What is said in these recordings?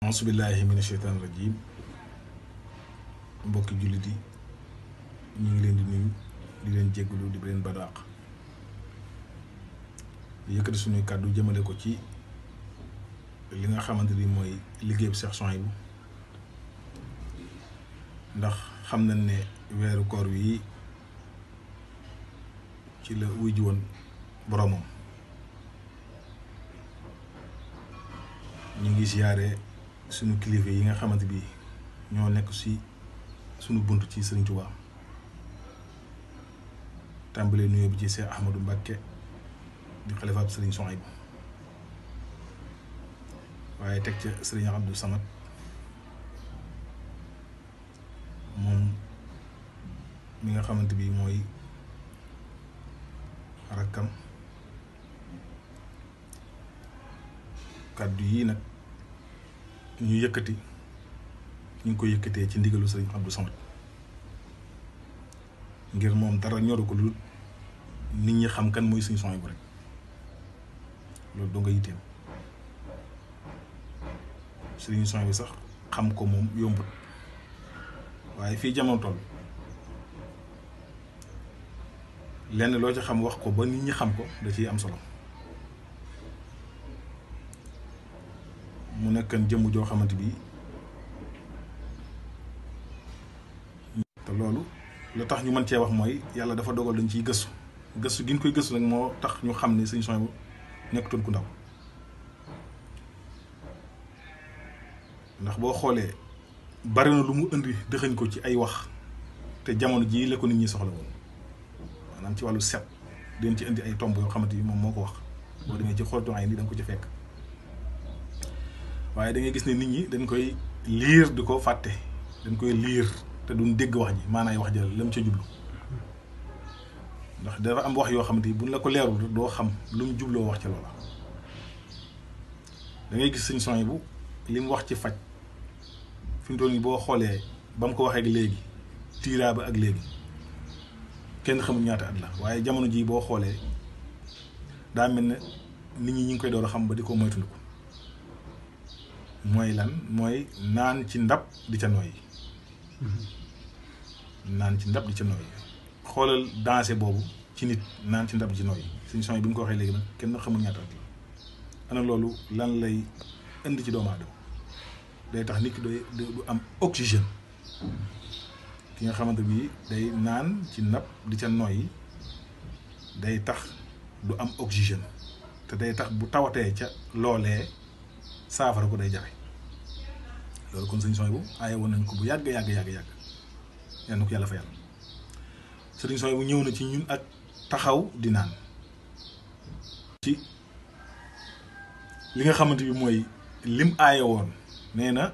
asubillahi mina sheytaan rajim mbokki jullit yi ñu ngi leen di nuyu di leen jégalu di leen badaax di yëkkati suñuy kàddu jëmale ko ci li nga xamante ni mooy liggéeyu Cheikh Souhaïbou ndax xam nañ ne weeru koor wi ci la wuy ji woon boromam ñu ngi siyaare suñu kilifa yi nga xamante bi ñoo nekk si suñu bunt ci Sëriñ Tuubaa tàmbalee nuyoo bi ci Seex Ahmadu Mbàkke di xalifaab Sëriñ Suhaybu waaye teg ca Sëriñ Abdou Samad moom mi nga xamante bi mooy rakkam kàddu yii nag ñu yëkëti ñu ko yëkëté ci ndigalu sëriñ Abdou Samad ngir mom dara ñoro ko lut nit ñi xam kan moy suñu son bu rek lool do nga yité suñu son bi sax xam ko mom yombut waye fi jamono toll lenn lo ci xam wax ko ba nit ñi xam ko da ci am solo nekkan jëmm joo xamante bi te loolu la tax ñu mën cee wax mooy yàlla dafa dogal dañ ciy gëstu gëstu gi ñu koy gëstu nag moo tax ñu xam ne suñu soñ nekkatul ku ndaw ndax boo xoolee bari na lu mu indi dëxañ ko ci ay wax te jamono ji la ko nit ñi soxla woon maanaam ci wàllu set dañ ci indi ay tomb yoo xamante bi moom moo ko wax boo demee ci xootu ay nit da nga ko ci fekk waaye da ngay gis ne nit ñi dañ koy liir di ko fàtte dañ koy liir te duñ dégg wax ji maanaay wax jël lam ca jublu ndax dafa am wax yoo xamante ni buñ la ko leerul doo xam lu mu jubloo wax ci loola da gis sëñ son bu li mu wax ci faj fi mu toll boo xoolee ba mu ko waxee ak léegi tiiraa ba ak léegi kenn xamul ñaata at la waaye jamono jii boo xoolee daa mel ne nit ñi ñu ngi koy door xam ba di ko moytu ko mooy lan mooy naan ci ndab di ca nooy mm-hmm. naan ci ndab di ca nooy xoolal danse boobu ci nit naan ci ndab di nooy suñu son bi mu ko waxee léegi nag kenn xamul ñaata at loolu lan lay indi ci doomu aadama day tax nit ki du am oxygène ki nga xamante bii day naan ci ndab di ca nooy day tax du am oxygène te day tax bu tawatee ca loolee saafara ko day jafe loolu kon sëñ Sohaybu aaye woon nañ ko bu yàgg yàgg yàgg yàgg yal na ko ñëw na ci ñun ak taxaw di naan ci li nga xamante bi mooy lim aaye woon nee na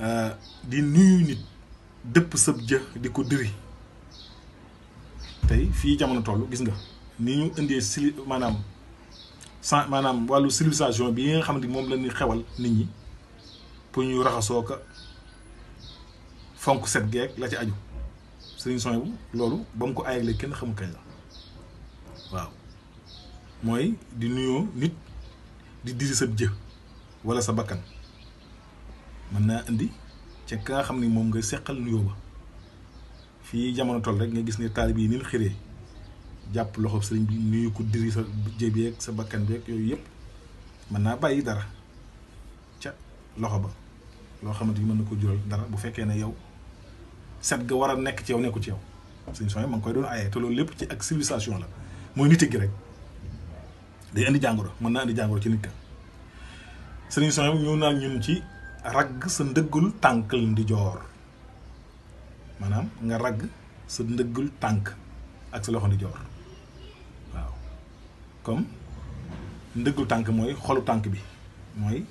euh, di nuyu nit dëpp sëb jë di ko diri tey fii jamono toll gis nga ni ñu indee sili maanaam sans maanaam wàllu civilisation bi yi nga xam ne moom la ñuy xewal nit ñi pour ñu raxasoo ka fonk set geeg la ci aju sëriñ son bu loolu ba mu ko ayeglee kenn xamu kañ la waaw mooy di nuyoo nit di diri sa jë wala sa bakkan mën naa indi ca ka nga xam ni moom nga seqal nuyoo ba fii jamono toll rek nga gis ne taalib yi ni ñu japp loxo serigne bi nuyu ko diri sa jébi ak sa bakkan bi ak yoy yep man na bayyi dara ca loxo ba lo xamante ni mën na jural dara bu fekkee ne yow set ga wara nek ci yow neku ci yow serigne soye man koy doon ayé te lolou lepp ci ak civilisation la moy gi rek day andi jangoro man na andi jangoro ci nit ka ñun ci rag sa ndeggul tankal ndi jor manam nga rag sa ndeggul tank ak sa loxo ndi jor comme ndëggu tànk mooy xolu tànk bi mooy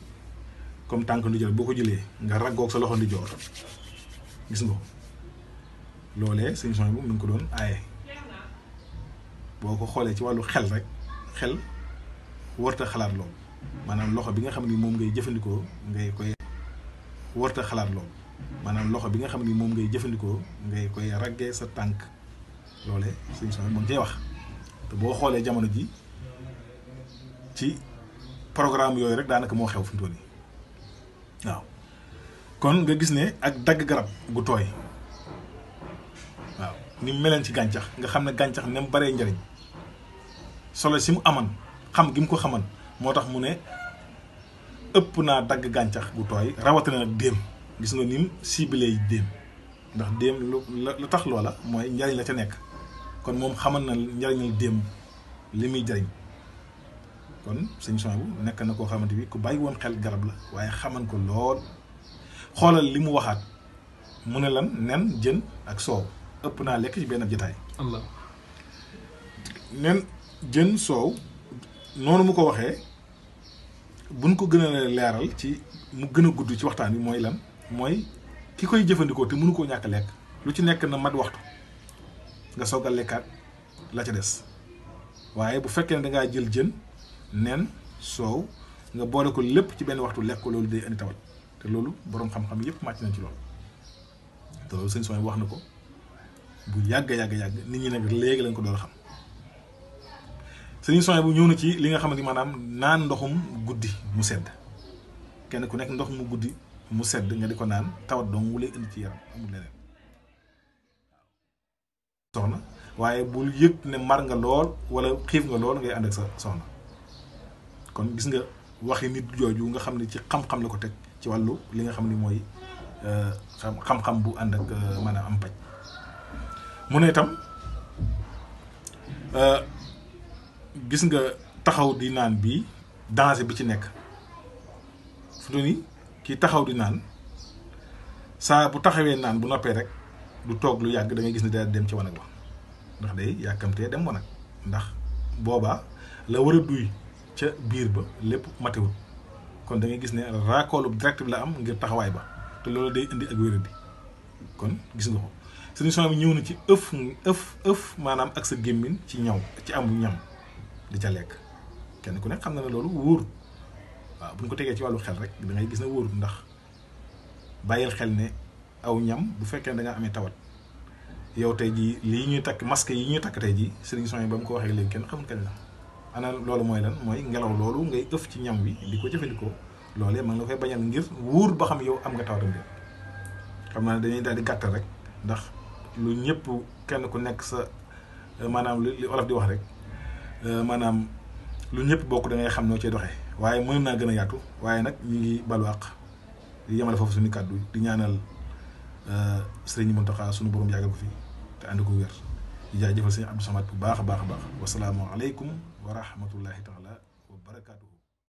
comme tànk ndi jël boo ko jëlee nga raggoog sa loxo ndi joor gis nga loole loolee sëñ son bu mu ko doon aaye boo ko xoolee ci wàllu xel rek xel warta xalaat loolu maanaam loxo bi nga xam ni moom ngay jëfandikoo ngay koy warta xalaat loolu maanaam loxo bi nga xam ni moom ngay jëfandikoo ngay koy raggee sa tànk loole sëñ son moom cay wax te boo xoolee jamono ji ci programme yoy rek danaka mo xew fu mu waaw kon nga gis ne ak dag garab gu toy waaw ni melen ci gantax nga xamne ne nem bare ndariñ solo simu aman xam gi mu ko xaman motax mu ne ëpp na dag gantax gu toy rawatina na dem gis nga nim ciblé yi déem ndax dem lu tax lola moy ndariñ la ca nek kon mom xamal na ndariñ dem, limi muy kon sëñ Sohabu nek na ko xamanteni bi ku bayyi won xel garab la waye xaman ko lol xolal limu waxat mune lan nen jeun ak soow ëpp na lek ci ben jotaay. allah nen jeun soow nonu mu ko waxe buñ ko gëna leral ci mu gëna a gudd ci waxtaan bi moy lan moy ki koy jëfëndiko te mënu ko ñak lek lu ci nek na mat waxtu nga sogal lekkat la ca dess waye bu fekkene da nga jël jeun nen soow nga boole ko lépp ci benn waxtu lekk ko loolu day indi tawat te loolu boroom xam-xam yépp màcc nañ ci loolu te loolu sëñ Souhaïbou wax na ko bu yàgg yàgg yàgg nit ñi nag léegi lañ ko door a xam sëñ Souhaïbou bu ñëw na ci li nga xam xamante maanaam naan ndoxum guddi mu sedd kenn ku nekk ndox mu guddi mu sedd nga di ko naan tawat dong wu lay indi ci yaram amul leneen soxna waaye bul yëg ne mar nga lool wala xiif nga lool ngay ànd kon gis nga waxi nit jooju nga xam ne ci xam-xam la ko teg ci wàllu li nga xam ni mooy euh, xam xam bu ànd ak euh, a am paj mu ne tam euh, gis nga taxaw di naan bi danger bi ci nekk fu ni kii taxaw di naan saa bu taxawee naan bu noppee rek du toog lu yàgg da gis ne day dem ci wanag ba ndax day yàkkamtee dem wanag ndax boobaa la war a duy ca biir ba lépp matewut kon da ngay gis ne raakoolub direct la am ngir taxawaay ba te loolu day indi ak wéradi kon gis nga ko sëriñ Sohaybu ñëw na ci ëf ëf ëf maanaam ak sa gémmiñ ci ñaw ci am ñam di ca lekk kenn ku ne xam na ne loolu wóor waaw bu ñu ko tegee ci wàllu xel rek da ngay gis ne wóor ndax bàyyil xel ne aw ñam bu fekkee da nga amee tawat yow tey jii lii ñuy takk masque yi ñuy takk tey jii sëriñ Sohaybu ba mu ko waxee léegi kenn xamul kenn la ana lolu moy lan moy ngelaw lolu ngay ëf ci ñam wi diko jëfëndiko lolé loolee ma ngi la koy bañal ngir wuur ba xam yow am nga tawdum mbir xam na dañuy daldi gatt rek ndax lu ñëpp kenn ku nekk sa euh, manam li olaf di wax rek euh, manam lu ñëpp bokku da ngay xam no ci doxé waye mën na gëna yatu waye nak ñi ñu ngi baluwaq di yemale fofu suñu kaddu di ñaanal euh, sëriñ Mountakha suñu borom yàggal ko fi te andu ko wër di jaajëfal sëñ Abdou Samad bu baax a baax a baax wasalaamualeykum wa rahmatullahi taala wa barakaatu.